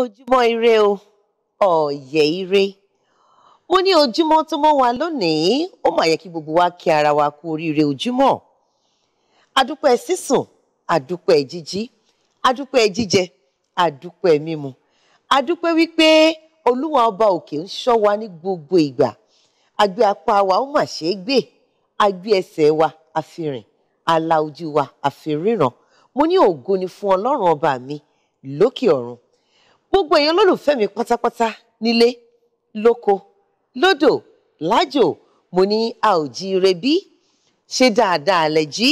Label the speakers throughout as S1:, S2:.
S1: ojúmọ́ ire o ọ̀yẹ́ ire mo ní ojúmọ́ tó mọ́ wa lónìí ó mà yẹ kí gbogbo wa kí ara wa kú oríire ojúmọ́ adúpẹ́ sísùn adúpẹ́ jíjí adúpẹ́ jíjẹ adúpẹ́ mímu adúpẹ́ wípé olúwa ọba òkè ń ṣọ́ wa ní gbogbo ìgbà agbé apá wa ó mà ṣe é gbé agbé ẹsẹ̀ wa àfihàn ala ojú wa àfiríran mo ní ògo ni fún ọlọ́run ọba mi lókè ọ̀run gbogbo èèyàn lólùfẹ́ mi pátápátá nílé lóko lódò lájò mo ní a ò jíire bí ṣe dáadáa lẹ jí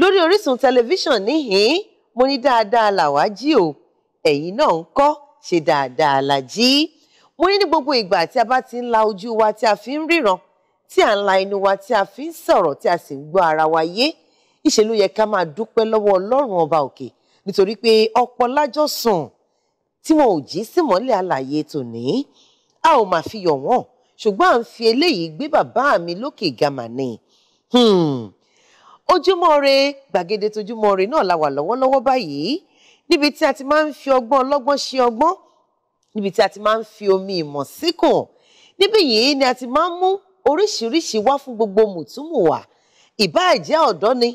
S1: lórí Orísun tẹlifíṣàn níhìn mo ní dáadáa làwa jí o ẹ̀yin náà ń kọ́ ṣe dáadáa la jí mo ní ní gbogbo ìgbà tí a bá ti ń la ojú wa tí a fi ń ríran tí à ń la inú wa tí a fi ń sọ̀rọ̀ tí a sì ń gbọ́ ara wa yé ìṣèlú yẹ ká máa dúpẹ́ lọ́wọ́ Ọlọ́run ọba òkè nítorí pé ọ̀pọ̀ sùn tí wọn ò jí sí mọ́lẹ̀ àlàyé tòní a ò máa fi yọ̀ wọ́n ṣùgbọ́n à ń fi eléyìí gbé bàbá mi lókè gàmà ni hmm. ojúmọ́ re gbàgede tojúmọ́ re náà la wà lọ́wọ́lọ́wọ́ báyìí níbi tí a ti máa ń fi ọgbọ́n ọlọ́gbọ́n ṣe ọgbọ́n níbi tí a ti máa ń fi omi ìmọ̀ síkùn níbí yìí ni a ti máa ń mú oríṣiríṣi wá fún gbogbo mùtúmùwà ìbáà jẹ́ ọ̀dọ́ ni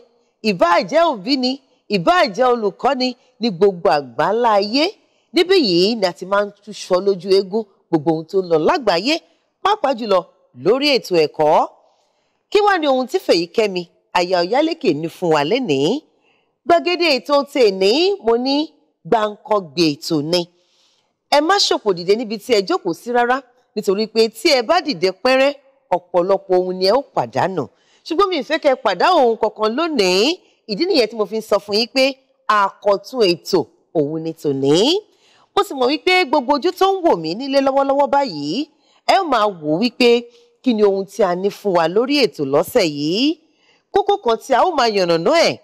S1: ìbáà jẹ́ òbí ni ìbáà jẹ́ olùkọ́ ni ní gbogbo àgbáńlá ayé níbí yìí ni a ti máa ń túṣọ lójú eégún gbogbo ohun tó ń lọ lágbàáyé pàápàá jùlọ lórí ètò ẹ̀kọ́ kí wá ni ohun tí Fèyíkẹ́mi aya Ọ̀yálékè ní fún wa lénìí gbàgede ètò tèní mo ní gbàǹkangbè ètò ni ẹ má ṣòpò dìde níbi tí ẹ jókòó sí rárá nítorí pé tí ẹ bá dìde pẹ́rẹ́ ọ̀pọ̀lọpọ̀ ohun ni ẹ ó pàdánù ṣùgbọ́n mi ìfẹ́ kẹ́ pàdá ohun kankan lónìí ìdí nìyẹn tí mo fi ń sọ fún yín pé àkọ́tún ètò òun ni tòní mo sì mọ̀ wípé gbogbo ojú tó ń wò mí nílé lọ́wọ́lọ́wọ́ báyìí ẹ máa wò wípé kí ni ohun tí a ní fún wa lórí ètò lọ́sẹ̀ yìí kókó kan tí a ó máa yànnàná ẹ̀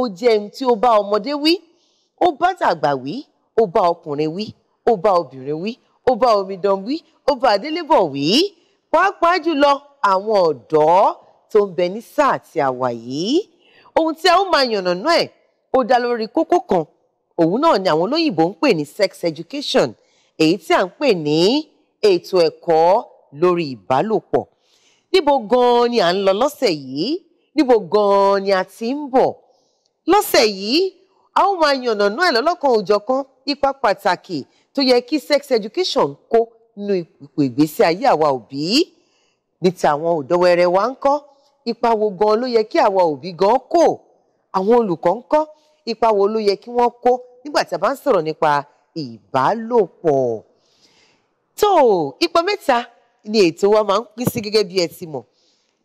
S1: ó jẹ́ ohun tí ó bá ọmọdé wí ó bá tàgbà wí ó bá ọkùnrin wí ó bá obìnrin wí ó bá omidan wí ó bá adélébọ̀ wí pàápàá jùlọ àwọn ọ̀dọ́ tó ń bẹ ní sáà tí a wà yìí ohun tí a ó máa yànnàná ẹ̀ ó dá lórí kókó kan òun náà ni àwọn olóyìnbó ń pè ní sex education èyí tí à ń pè ní ètò ẹ̀kọ́ lórí ìbálòpọ̀ níbo gan-an ni à ń lọ lọ́sẹ̀ yìí níbo gan-an ni a ti ń bọ̀ lọ́sẹ̀ yìí a ó máa yànnàná ẹ̀ lọ́lọ́kan òjọ̀kan ipa pàtàkì tó yẹ kí sex education kó nínú ipò ìgbésí ayé àwa òbí ní ti àwọn ọ̀dọ́ wẹrẹ wa ń kọ́ ipa wo gan-an ló yẹ kí àwa òbí gan-an kó àwọn olùkọ́ ń kọ́ ipa wo ló yẹ kí wọ́n kó nígbà tí a bá ń sọ̀rọ̀ nípa ìbálòpọ̀ tó ipò mẹ́ta ni ètò wa máa ń pín sí gẹ́gẹ́ bí ẹ ti mọ̀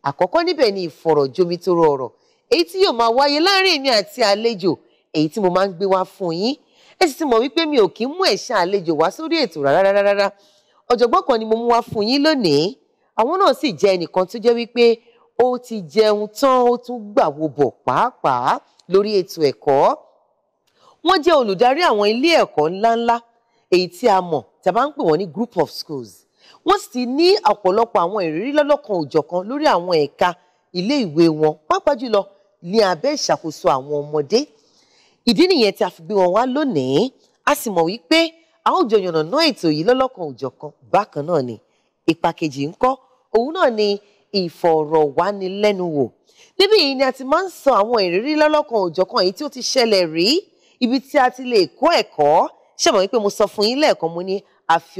S1: àkọ́kọ́ níbẹ̀ ni ìfọ̀rọ̀jomitoro ọ̀rọ̀ èyí tí yóò máa wáyé láàrin èmi àti àlejò èyí tí mo máa ń gbé wá fún yín ẹ sì ti mọ̀ wípé mi ò kí ń mú ẹ̀ṣẹ̀ àlejò wá sórí ètò rárá ọ̀jọ̀gbọ́n kan ni mo mú wá fún yín lónìí àwọn náà sì jẹ́ ẹnìkan tó jẹ́ wípé ó ti jẹun tán ó tún gbàwò bọ̀ pàápàá lórí ètò ẹ̀kọ́ wọ́n jẹ́ olùdarí àwọn ilé ẹ̀kọ́ ńláńlá èyí tí a mọ̀ tí a bá ń pè wọ́n ní group of schools wọ́n sì ní ọ̀pọ̀lọpọ̀ àwọn ìrírí lọ́lọ́kan òjọ̀kan lórí àwọn ẹ̀ka ilé ìwé wọn pàápàá jùlọ ní abẹ́ ìṣàkóso àwọn ọmọdé ìdí nìyẹn tí a fi gbé wọn wá lónìí a sì mọ̀ wípé a ó jọ yànnàná ètò yìí lọ́lọ́kan òjọ̀kan bákan náà ni ipa kejì ń kọ́ òun náà ni ìfọ̀rọ̀wánilẹ́nuwò níbí yìí ni a ti máa ń sọ àwọn ìrírí lọ́lọ́kan òjọ̀kan èyí tí ó ti ṣẹlẹ̀ rí ibi tí a ti lè kó ẹ̀kọ́ ṣẹ̀mọ̀ wípé mo sọ fún yín lẹ́ẹ̀kan mo ní àfi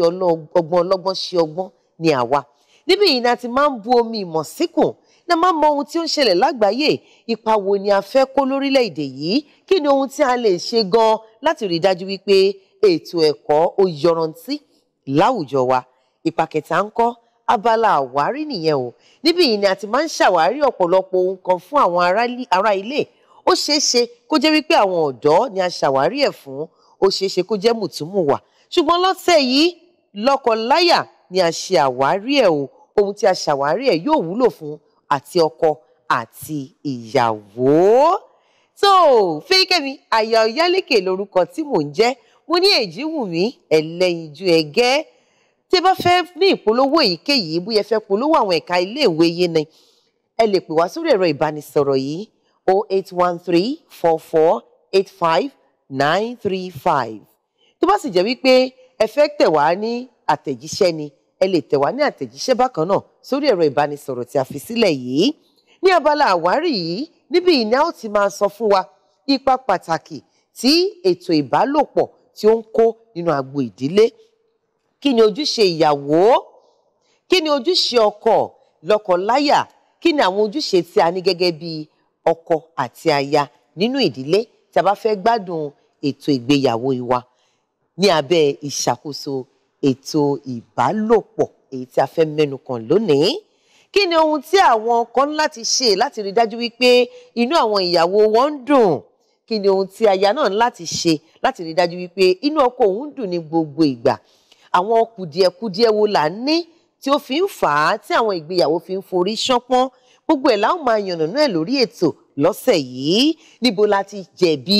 S1: ọgbọ́n ọlọ́gbọ́n ṣe ọgbọ́n ni àwa níbí yìí ni a ti máa ń bu omi ìmọ̀ síkùn ni a máa ń mọ ohun tí ó ń ṣẹlẹ̀ lágbàáyé ipa wo ni a fẹ́ kó lórílẹ̀‐èdè yìí kí ni ohun tí a lè ṣe gan láti rí i dájú wípé ètò ẹ̀kọ́ ó yọrantí láwùjọ wa ipa kẹta ń kọ́ abala àwárí nìyẹn o níbí yìí ni a ti máa ń ṣàwárí ọ̀pọ̀lọpọ̀ ohun kan fún àwọn ará ilé ó ṣeé ṣe kó jẹ́ wípé àwọn ọ̀dọ́ ni a ṣàwárí ẹ̀ fún ó ṣeé ṣe kó jẹ́ mùtúmùwà ṣùgbọ́n lọ́sẹ̀ yìí lọ́kọ-láyà ni a ṣe àwárí ẹ̀ o ohun tí a ṣàwárí ẹ̀ yóò wúlò fún àti ọkọ àti ìyàwó. tó o Fẹ́yìkẹ́mi àyà Ọ̀yálékè lórúkọ tí mò ń jẹ́ mo ní èjì wù mí ẹlẹ́yinjú ẹ̀gẹ́ tí ẹ bá fẹ́ ní ìpolówó èyíkéyìí bóyá ẹ fẹ́ polówó àwọn ẹ̀ka iléèwé yín ni ẹ lè pè wá sórí ẹ̀rọ ìbánisọ̀rọ̀ yìí 0813 44 85 935. tó bá sì jẹ́ wípé ẹ fẹ́ tẹ̀ wá ní àtẹ̀jíṣẹ́ ni ẹ lè tẹ̀ wá ní àtẹ̀jíṣẹ́ bákan náà sórí ẹ̀rọ ìbánisọ̀rọ̀ tí a fi sílẹ̀ yìí ní abala àwárí yìí níbi ìní a ó ti máa sọ fún wa ipa pàtàkì tí ètò ìbálòpọ̀ tí ó ń kó nínú agbo ìdílé kí ni ojúṣe ìyàwó kí ni ojúṣe ọkọ lọ́kọláya kí ni àwọn ojúṣe tí a ní gẹ́gẹ́ bí ọkọ àti aya nínú ìdílé tí a bá fẹ́ gbádùn ètò ìgbéyàwó wa ní abẹ́ ìṣàkóso ètò ìbálòpọ̀ èyí tí a fẹ́ mẹ́nu kàn lónìí kí ni ohun tí àwọn kan láti ṣe láti rí dájú wípé inú àwọn ìyàwó wọn ń dùn kí ni ohun tí aya náà láti ṣe láti rí dájú wípé inú ọkọ òun ń dùn ní gbogbo ìgbà àwọn kùdìẹ̀kudiẹ wo là ń ní tí ó fi ń fà á tí àwọn ìgbéyàwó fi ń forí ṣánpọ́n gbogbo ẹ̀ láwọn máa yànnàná ẹ̀ lórí ètò lọ́sẹ̀ yìí níbo la ti jẹ̀bi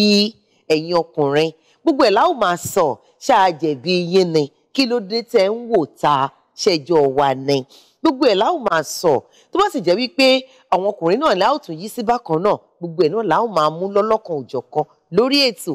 S1: ẹ̀yin ọkùnrin gbogbo ẹ̀ láwọn máa sọ ṣáà yín ni kí ló dé tẹ́ ń wò ta ṣẹjọ́ wa ni gbogbo ẹ̀ láwọn máa sọ tó bá sì jẹ́ wípé àwọn ọkùnrin náà láwọn tún yí sí bákan náà gbogbo ẹ̀ náà láwọn máa mú lọ́lọ́kan òjọ̀kan lórí ètò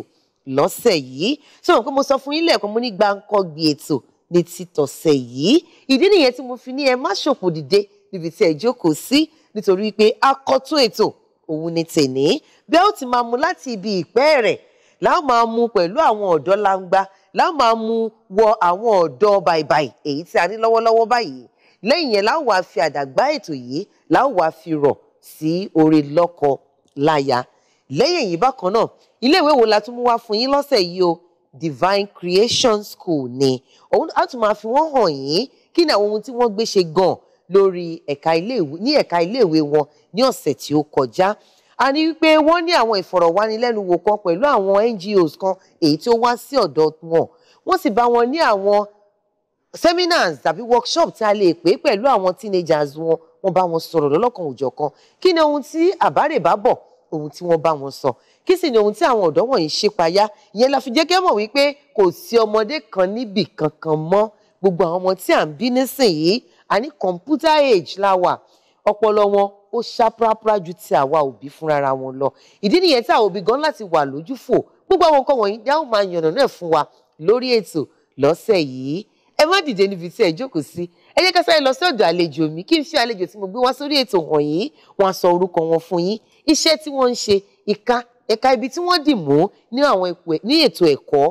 S1: lọ́sẹ̀ yìí ṣé wọn pé mo sọ fún yín lẹ́ẹ̀kan mo ní gbàǹkọ́gbì ètò ní títọ̀sẹ̀ yìí ìdí nìyẹn tí mo fi ní ẹ má ṣòkò dìde níbi tí ẹ jókòó sí nítorí pé akọ́tún ètò òun ni tèní bẹ́ẹ̀ ó ti máa mu láti ibi ìpẹ́ rẹ̀ láwọn máa mu pẹ̀lú àwọn ọ̀dọ́ langba láwọn máa mu wọ àwọn ọ̀dọ́ bàìbàì èyí tí a ní lọ́wọ́lọ́wọ́ báyìí lẹ́yìn yẹn láwọn wàá fi àdàgbà ètò yìí láwọn wàá fi rọ̀ sí oore lọ́kọ láya lẹ́yìn èyí bákan náà iléèwé wo la tún mú wá fún yín lọ́sẹ̀ yìí o Divine Creation School ni òun á tún máa fi wọ́n hàn yín kí ni àwọn ohun tí wọ́n gbé ṣe gan-an lórí ẹ̀ka iléèwé ní ẹ̀ka iléèwé wọn ní ọ̀sẹ̀ tí ó kọjá a ní wípé wọ́n ní àwọn ìfọ̀rọ̀wánilẹ́nuwò kan pẹ̀lú àwọn NGOs kan èyí tí ó wá sí ọ̀dọ̀ wọn wọ́n sì bá wọn ní àwọn seminars tàbí workshop tí a lè pè pẹ̀lú àwọn teenagers wọn wọ́n bá wọn sọ̀rọ̀ lọ́lọ́kan òjọ̀kan kí ni ohun tí àbárèbá bọ̀ ohun tí wọ́n bá wọn sọ kí sì ni ohun tí àwọn ọ̀dọ́ wọ̀nyí ṣe payá ìyẹn la fi jẹ́ kẹ́ mọ̀ wípé kò sí ọmọdé kan níbì kankan mọ́ gbogbo àwọn ọmọ tí à ń bí nísìnyìí àní computer age la wà ọpọlọ wọn ó ṣàprápra ju ti àwa òbí fúnra wọn lọ ìdí nìyẹn tí àwọn òbí gan láti wà lójúfò gbogbo àwọn nǹkan wọ̀nyí dáhùn máa yànnà náà fún wa lórí ètò lọ́sẹ̀ yìí ẹ má dìde níbi tí ẹ jókòó sí ẹ jẹ́ ká sáré lọ sí ọ̀dọ̀ àlejò mi kí n fi àlejò tí mo gbé wá sórí ètò hàn yìí wọn á sọ orúkọ wọn fún yín iṣẹ́ tí wọ́n ń ṣe ìka ẹ̀ka ibi tí wọ́n dì mú ní ètò ẹ̀kọ́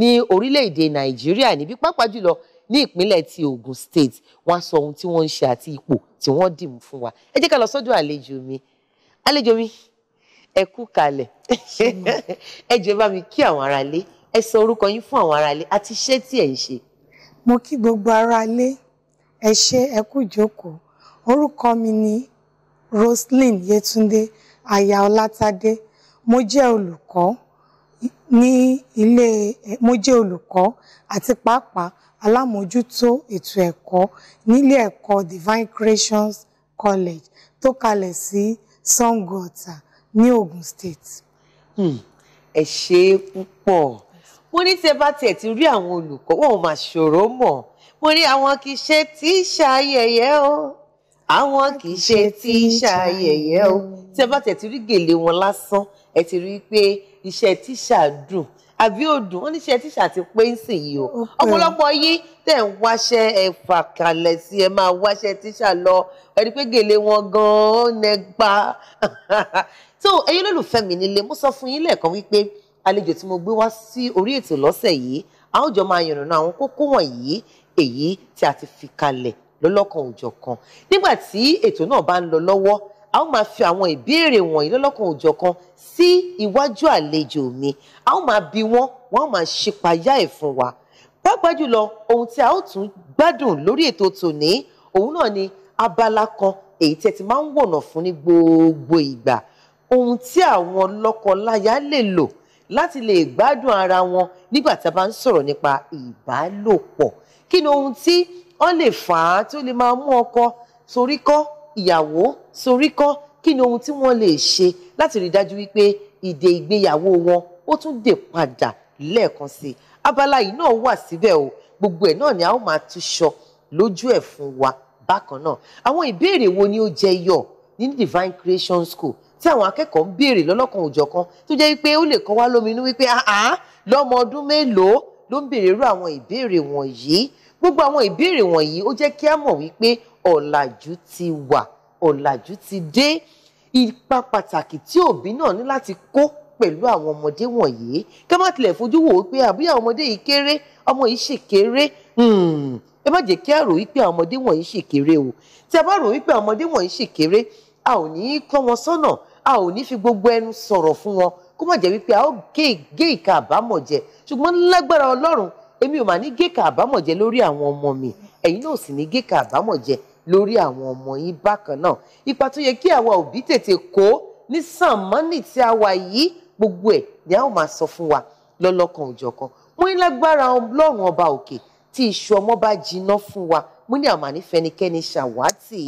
S1: ní orílẹ̀-èdè nàìjíríà níbi pàápàá jùlọ ní ìpínlẹ̀ ti Ogun State wọ́n á sọ ohun tí wọ́n ń ṣe àti ipò tí wọ́n dì mú fún wa ẹ jẹ́ ká lọ sọ́dọ̀ àlejò mi àlejò mi ẹ kú kalẹ̀ ẹ jẹ́ bá mi kí àwọn aráalé ẹ sọ orúkọ yín fún àwọn aráalé àti iṣẹ́ tí ẹ ń ṣe. mo kí gbogbo aráalé ẹ ṣé ẹ kú jókòó orúkọ mi ni Roselyn Yetunde aya Ọlátadé mo jẹ́ olùkọ́ ní ilé mo jẹ́ olùkọ́ àti pàápàá alámòójútó ètò ẹ̀kọ́ nílé ẹ̀kọ́ Divine Creations College tó kalẹ̀ sí Sango ní Ogun State. Hmm, ẹ ṣe é púpọ̀ mo ní tí ẹ bá tiẹ̀ ti rí àwọn olùkọ́ wọn ò mà ṣòro mọ̀ mo ní àwọn kì í ṣe tíṣà ayẹyẹ o àwọn kì í ṣe tíṣà ayẹyẹ o tí ẹ bá tẹ̀ ti rí gèlè wọn lásán ẹ ti rí i pé iṣẹ́ tíṣà dùn àbí òdùn wọn níṣẹ́ tíṣà ti pé ń sìn yìí o ọ̀pọ̀lọpọ̀ yín tẹ̀ ń wáṣẹ́ ẹ fà kalẹ̀ sí ẹ máa wáṣẹ́ tíṣà lọ ẹ rí pé gèlè wọn gan-an ó nẹ gbá so ẹ̀yin olólùfẹ́ mi nílé mo sọ fún yín lẹ́ẹ̀kan wípé àlejò tí mo gbé wá sí orí ètò lọ́sẹ̀ yìí a ó jọ máa yànnàná àwọn kókó wọ̀nyí èyí tí a ti fi kalẹ̀ lọ́lọ́kan òjọ̀kan nígbà tí ètò náà bá ń lọ lọ́wọ́ a ó máa fi àwọn ìbéèrè wọ̀nyí lọ́lọ́kan òjọ̀kan sí iwájú àlejò mi a ó máa bi wọ́n wọ́n á máa ṣípayá ẹ̀ fún wa pàápàá jùlọ ohun tí a ó tún gbádùn lórí ètò tòní òun náà ni abala kan èyí tí ẹ ti máa ń wọ̀nà fún ní gbogbo ìgbà ohun tí àwọn lọ́kọláya lè lò láti lè gbádùn ara wọn nígbà tá a bá ń sọ̀rọ̀ nípa ìbálòpọ̀ kí ni ohun tí wọ́n lè fà á tí ó lè máa mú ọkọ torí kọ́ ìyàwó sorí kọ́ kí ni ohun tí wọ́n lè ṣe láti rí dájú wípé ìdè ìgbéyàwó wọn ó tún dè padà lẹ́ẹ̀kan sí i abala yìí náà wà síbẹ̀ o gbogbo ẹ̀ náà ni a ó máa tún sọ lójú ẹ̀ fún wa bákan náà àwọn ìbéèrè wo ni ó jẹ yọ ní Divine Creation School tí àwọn akẹ́kọ̀ọ́ ń béèrè lọ́lọ́kan òjọ̀kan tó jẹ́ wípé ó lè kọ́ wá lóminú wípé àá lọ́mọ ọdún mélòó ló ń béèrè irú àwọn ìbéèrè wọ̀nyí gbogbo àwọn ìbéèrè wọ̀nyí ó jẹ́ kí a mọ̀ wípé ọ̀làjú ti wà ọ̀làjú ti dé ipa pàtàkì tí òbí náà ní láti kó pẹ̀lú àwọn ọmọdé wọ̀nyí ká má tilẹ̀ fojú wò ó pé àbí àwọn ọmọdé yìí kéré ọmọ yìí ṣì kéré hmm, ẹ má jẹ́ kí a rò wípé àwọn ọmọdé wọ̀nyí ṣì kéré o tí a bá rò wípé àwọn ọmọdé wọ̀nyí ṣì kéré a ò ní í kọ́ wọn sọ́nà a ò ní fi gbogbo ẹnu sọ̀rọ̀ fún wọn kó má jẹ́ wípé a ó gé ìka àbámọ̀ jẹ ṣùgbọ́n lágbára Ọlọ́run èmi ò mà ní gé ìka àbámọ̀ jẹ lórí àwọn ọmọ mi ẹ̀yin náà ò sì ní gé ìka àbámọ̀ jẹ lórí àwọn ọmọ yìí bákan náà ipa tó yẹ kí àwa òbí tètè kó ní sànmọ́nì tí a wà yìí gbogbo ẹ̀ ni a ó máa sọ fún wa lọ́lọ́kan òjọ̀kan mo ní lágbára ọlọ́run ọba òkè tí iṣu ọmọ bá jiná fún wa mo ní àmàní fẹnikẹ́ni ṣàwátì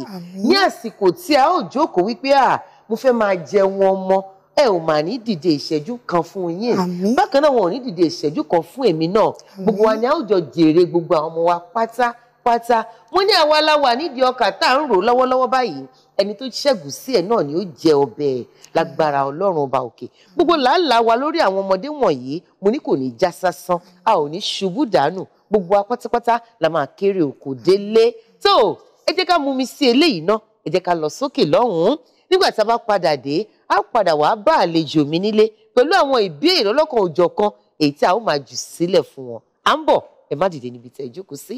S1: ní àsìkò tí a ó jókòó wípé à mo fẹ́ máa jẹun ọmọ ẹ ò mà ní dìde ìṣẹ́jú kan fún yín bákan náà wọn ò ní dìde ìṣẹ́jú kan fún èmi náà gbogbo wa ni a ó jọ jèrè gbogbo àwọn ọmọ wa pátá pátá mo ní àwa aláwa nídìí ọkà tá à ń rò lọ́wọ́lọ́wọ́ báyìí ẹni tó ṣẹ́gun sí ẹ̀ náà ni ó jẹ ọbẹ̀ lágbára ọlọ́run ọba òkè gbogbo làálàá wa lórí àwọn ọmọdé wọ̀nyí mo ní kò ní já sásán a ò ní ṣubú dànù gbogbo wa pátápátá la máa kéré oko délé tó ẹ jẹ́ ká mú mi sí eléyìí náà ẹ jẹ́ ká lọ sókè lọ́hùn-ún nígbà tá a bá padà dé a padà wàá bá àlejò mi nílé pẹ̀lú àwọn ìbéèrè ọlọ́kan òjọ̀kan èyí tí a ó máa jù sílẹ̀ fún wọn à ń bọ̀ ẹ má dìde níbi tẹ́ ẹ jókòó sí.